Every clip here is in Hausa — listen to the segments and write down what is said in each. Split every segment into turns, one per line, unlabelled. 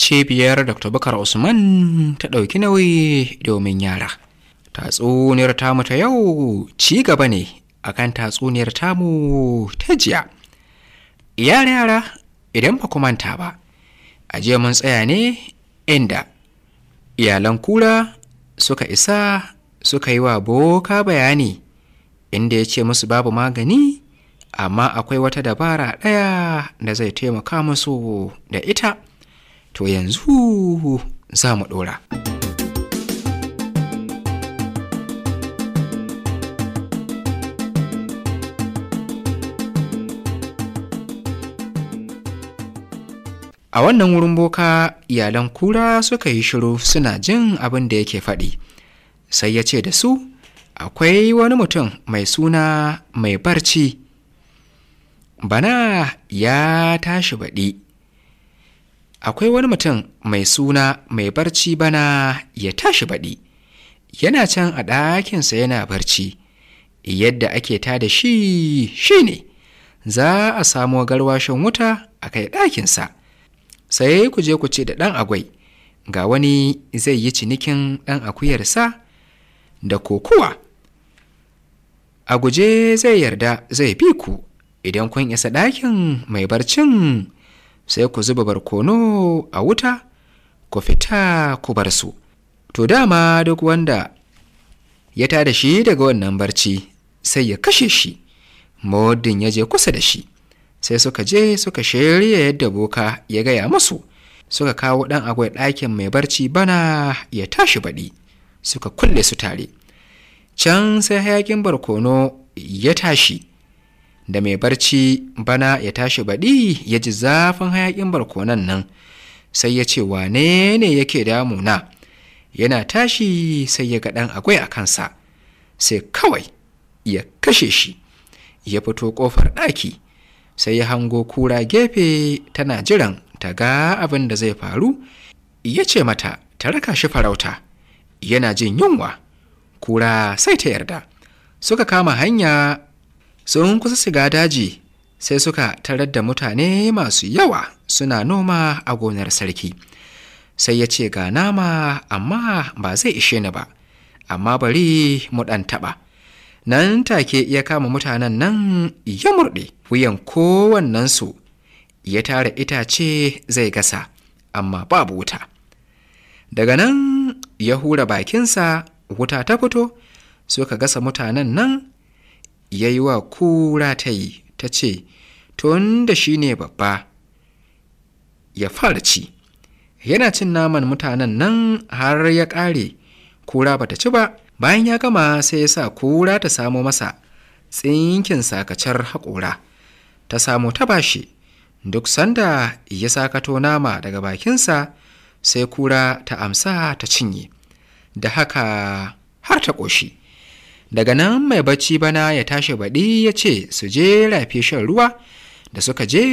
cibiyar dr bakar usman ta ɗauki nauyi domin yara tatsuniyar tamu ta yau ci gaba ne akan tatsuniyar tamu ta jiya yara yara idan ba manta ba a jiya mun tsaya ne inda iyalan kura suka isa suka yi wa boka bayani inda ya ce musu babu magani amma akwai wata dabara ɗaya da zai taimaka musu da ita to yanzu za mu ɗora. A wannan wurin boka iyalan kura suka yi shiru suna jin abin da yake faɗi, sai ya ce da su, akwai wani mutum mai suna mai barci. Bana ya tashi baɗi akwai wani mutum mai suna mai barci bana ya tashi baɗi yana can a ɗakinsa yana barci yadda ake ta da shi shi ne za a samo garwashin wuta a kai ɗakinsa sai ku je ku ce da ɗan agwai ga wani zai yi cinikin ɗan akuyarsa da kokuwa a guje zai yarda zai bi ku idan kun isa ɗakin mai barcin sai ku zuba barkono a wuta ku fita ku bar su to dama duk wanda ya ta da shi daga wannan barci sai ya kashe shi modin ya je kusa da shi sai suka je suka shirya yadda boka ya gaya musu suka kawo ɗan agwai ɗakin mai barci bana ya tashi baɗi suka kulle su tare can sai hayakin barkono ya tashi da mai barci bana ya tashi baɗi ya ji zafin hayaƙin barkonan nan sai ya ce wane ne yake damuna yana tashi sai ya ga ɗan akwai a kansa sai kawai ya kashe shi ya fito ƙofar ɗaki sai ya hango kura gefe tana jiran ta ga abin da zai faru ya ce mata ta raka shi farauta yana jin yunwa kura sai ta yarda suka kama hanya sun kusa siga daji sai suka tarar da mutane masu yawa suna noma a gonar sarki sai ya ce ga nama amma ba zai ishe ni ba amma bari mu ɗan taɓa nan take ya kama mutanen nan ya murɗe wuyan kowannensu ya tara itace zai gasa amma babu wuta daga nan ya hura bakinsa wuta ta fito suka gasa mutanen nan ya yi wa kura ta yi ta ce tun da shi ne babba ya fara ci yana cin naman mutanen nan har ya ƙare kura bata ci ba bayan ya gama sai ya sa kura ta samo masa tsinkin sakacar haƙora ta samo ta shi, duk sanda ya sakato nama daga bakinsa sai kura ta amsa ta cinye da haka har ta ƙoshi daga nan mai bacci bana ya tashi baɗi ya ce su je rafi shan ruwa da suka je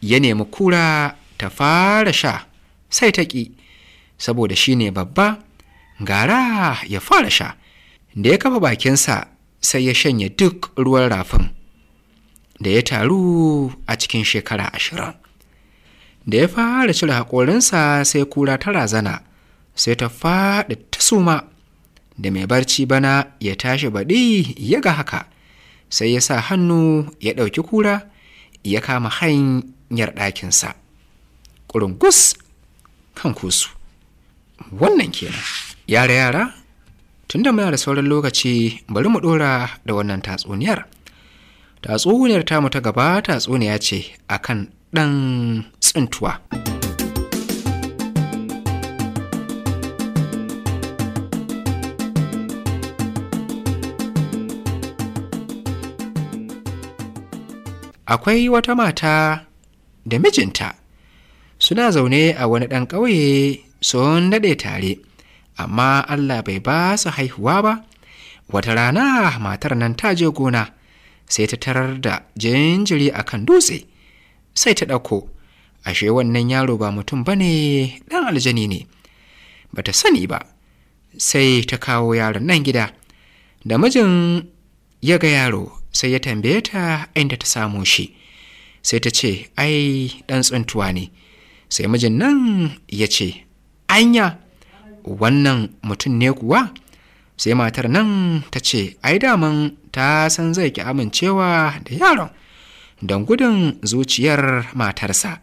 ya nemi kura ta fara sha sai ta ƙi saboda shi ne babba gara ya fara sha da ya kafa bakinsa sai ya shanye duk ruwan rafin da ya taru a cikin shekara ashirin da ya fara cire haƙorinsa sai kura ta razana sai ta faɗi ta suma da mai barci bana ya tashi baɗi ya ga haka sai ya sa hannu ya ɗauki kura ya kama hanyar ɗakinsa ƙurungus kan kusu wannan kenan yara yara tun da muna da sauran lokaci bari mu ɗora da wannan tatsuniyar tatsuniyar tamu ta gaba tatsuniya ce akan ɗan tsintuwa. akwai wata mata da mijinta suna zaune a wani ɗan ƙauye sun daɗe tare amma allah bai ba su haihuwa ba wata rana matar nan ta je gona sai ta tarar da jinjiri a kan dutse sai ta ɗauko ashe wannan yaro ba mutum ba ne ɗan aljani ne ba ta sani ba sai ta kawo yaron nan gida da mijin ya ga yaro sai ya tambaye ta inda ta samu shi sai ta ce ai ɗan tsuntuwa ne sai mijin nan ya ce anya wannan mutum ne kuwa sai matar nan ta ce ai daman ta san zai ki amincewa da yaron don gudun zuciyar matarsa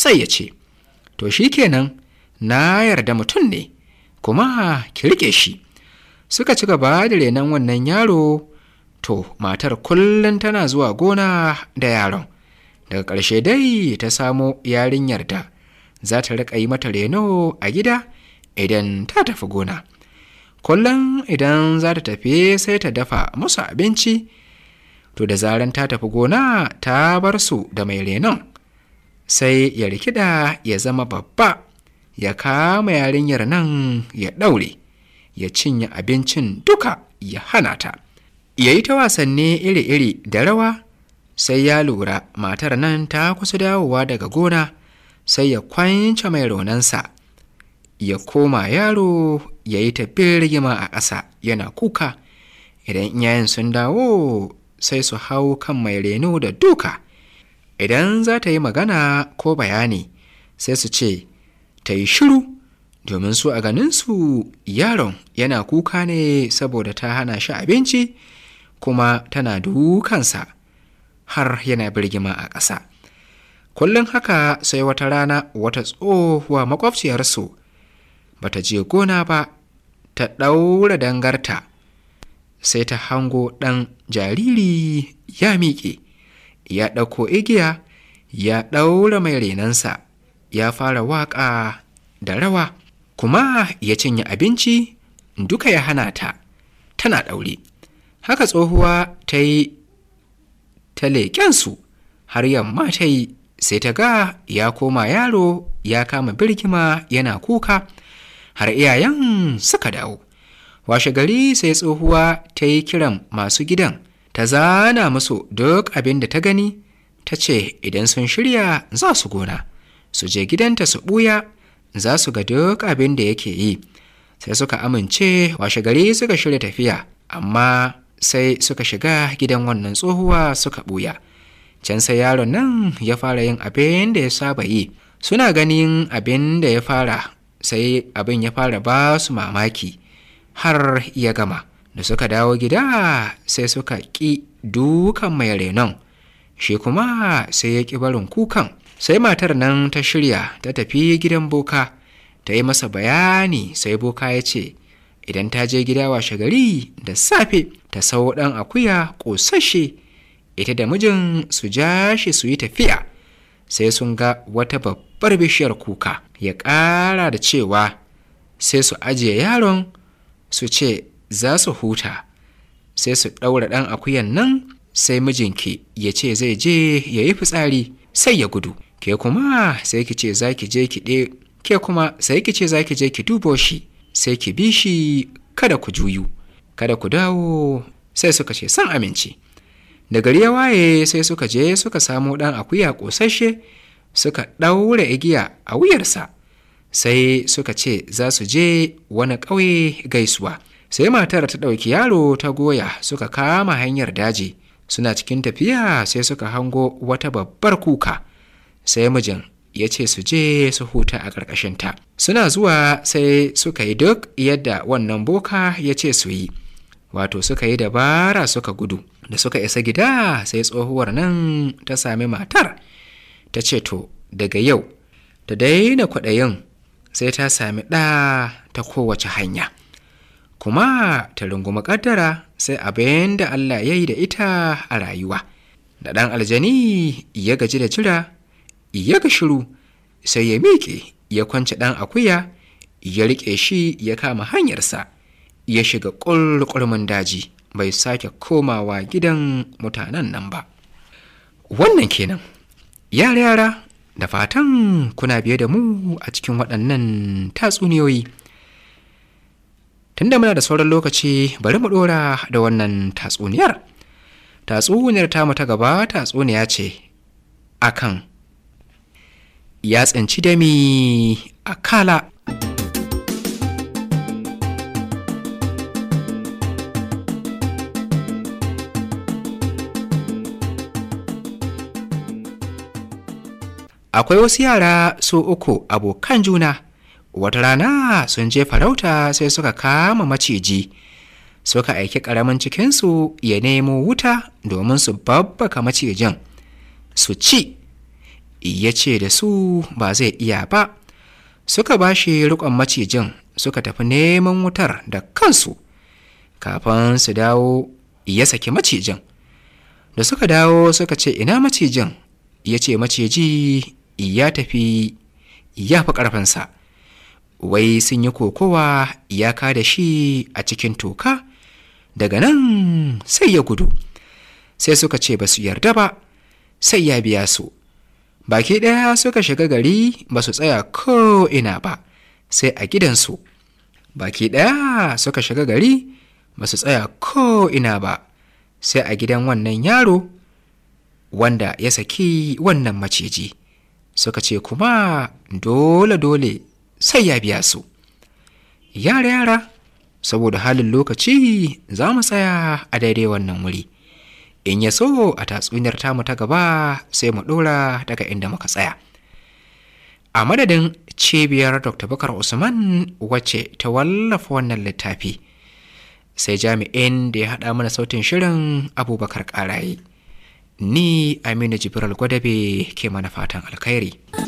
sai ya ce to shi kenan na yarda mutum ne kuma ki rike shi suka ci gaba da renon wannan yaro to matar kullum tana zuwa gona da yaron daga ƙarshe dai ta samo yarinyarta za ta riƙa yi mata reno a gida idan ta tafi gona kullum idan za ta tafi sai ta dafa musu abinci to da zaran ta tafi gona ta bar su da mai renon sai ya rikida ya zama babba ya kama yarinyar nan ya ɗaure ya cinye abincin duka ya hana ta ya yi ta wasanni iri-iri da rawa sai ya lura matar nan ta kusa dawowa daga gona sai ya kwanci mai raunansa ya koma yaro ya yi tafiyar rigima a ƙasa yana kuka idan yayin sun dawo sai su hau kan mai reno da duka idan za ta yi magana ko bayani sai su ce ta yi shiru domin su a ganinsu yaron yana kuka ne saboda ta hana shi abinci kuma tana dukansa har yana birgima a ƙasa kullum haka sai wata rana wata tsohuwa makwabciyarsu ba ta je gona ba ta ɗaura dangarta sai ta hango ɗan jariri ya miƙe ya ɗauko igiya ya ɗaura mai renansa ya fara waƙa da rawa kuma ya cinye abinci duka ya hana ta tana ɗaure haka tsohuwa ta yi ta leƙensu har yamma ta yi sai ta ga ya koma yaro ya kama birgima yana kuka har iyayen suka dawo washe gari sai tsohuwa ta yi kiran masu gidan ta zana musu duk abin da ta gani ta ce idan sun shirya za su gona su je gidanta su ɓuya za su ga duk abin da yake yi sai suka amince washe gari suka shirya tafiya amma sai suka shiga gidan wannan tsohuwa suka buya can sai yaron nan ya fara yin abin da ya saba yi suna ganin abin da ya fara sai abin ya fara ba su mamaki har ya gama da suka dawo gida sai suka ƙi dukan mai renon shi kuma sai ya ƙi barin kukan sai matar nan ta shirya ta tafi gidan boka ta yi masa bayani sai boka ya ce idan ta je gida washe gari da safe ta sau ɗan akuya ƙosashe ita da mijin su ja shi su yi tafiya sai sun ga wata babbar bishiyar kuka ya ƙara da cewa sai su ajiye yaron su ce za su huta sai su ɗaura ɗan akuyan nan sai mijinki ya ce zai je ya yi fitsari sai ya gudu ke kuma sai ki ce za ki je ki ɗe ke kuma sai ki ce za ki je ki dubo shi sai ki bi shi kada ku juyu kada ku dawo sai suka ce san aminci da gari ya waye sai suka je suka samo ɗan akuya ƙosashe suka ɗaure igiya a wuyarsa sai suka ce za su je wani ƙauye gaisuwa sai matar ta ɗauki yaro ta goya suka kama hanyar daji suna cikin tafiya sai suka hango wata babbar kuka sai mijin ya ce su je su huta a ƙarƙashinta suna zuwa sai suka yi duk yadda wannan boka ya ce su yi wato suka yi dabara suka gudu da suka isa gida sai tsohuwar nan ta sami matar ta ce to daga yau ta daina kwaɗayin sai ta sami ɗa ta kowace hanya kuma ta runguma ƙaddara sai abin da Allah ya yi da ita a rayuwa da ɗan aljani ya gaji da jira ya ga shiru sai ya miƙe ya kwanci ɗan akuya ya riƙe shi ya kama hanyarsa ya shiga ƙulƙulmin daji bai sake komawa gidan mutanen nan ba wannan kenan yara yara da fatan kuna biye da mu a cikin waɗannan tatsuniyoyi tunda muna da sauran lokaci bari mu ɗora da wannan tatsuniyar tatsuniyar ta ta gaba tatsuniya ce akan ya tsinci dami a kala akwai wasu yara su uku abokan juna wata rana sun je farauta sai suka kama maciji suka aiki ƙaramin cikinsu ya nemo wuta domin su babbaka macijin su ci ya ce da su ba zai iya ba suka ba shi rikon macijin suka tafi neman wutar da kansu kafin su dawo ya saki macijin da suka dawo suka ce ina macijin ya ce maciji ya tafi ya fi ƙarfinsa wai sun yi kokowa ya ka da shi a cikin toka daga nan sai ya gudu sai suka ce ba su yarda ba sai ya biya su baki ɗaya suka shiga gari ba su tsaya ko'ina ba sai a gidansu baki ɗaya suka shiga gari ba su tsaya ko'ina ba sai a gidan wannan yaro wanda ya saki wannan maciji suka ce kuma dole-dole sai ya biya su yara-yara saboda halin lokaci za mu tsaya a daidai wannan wuri in ya so a tatsuniyar tamu ta gaba sai mu ɗora daga inda muka tsaya a madadin cibiyar dr bakar usman wacce ta wallafa wannan littafi sai jami'in da ya haɗa mana sautin shirin abubakar ƙaraye ni aminu jibiral gwadabe ke mana fatan alkhairi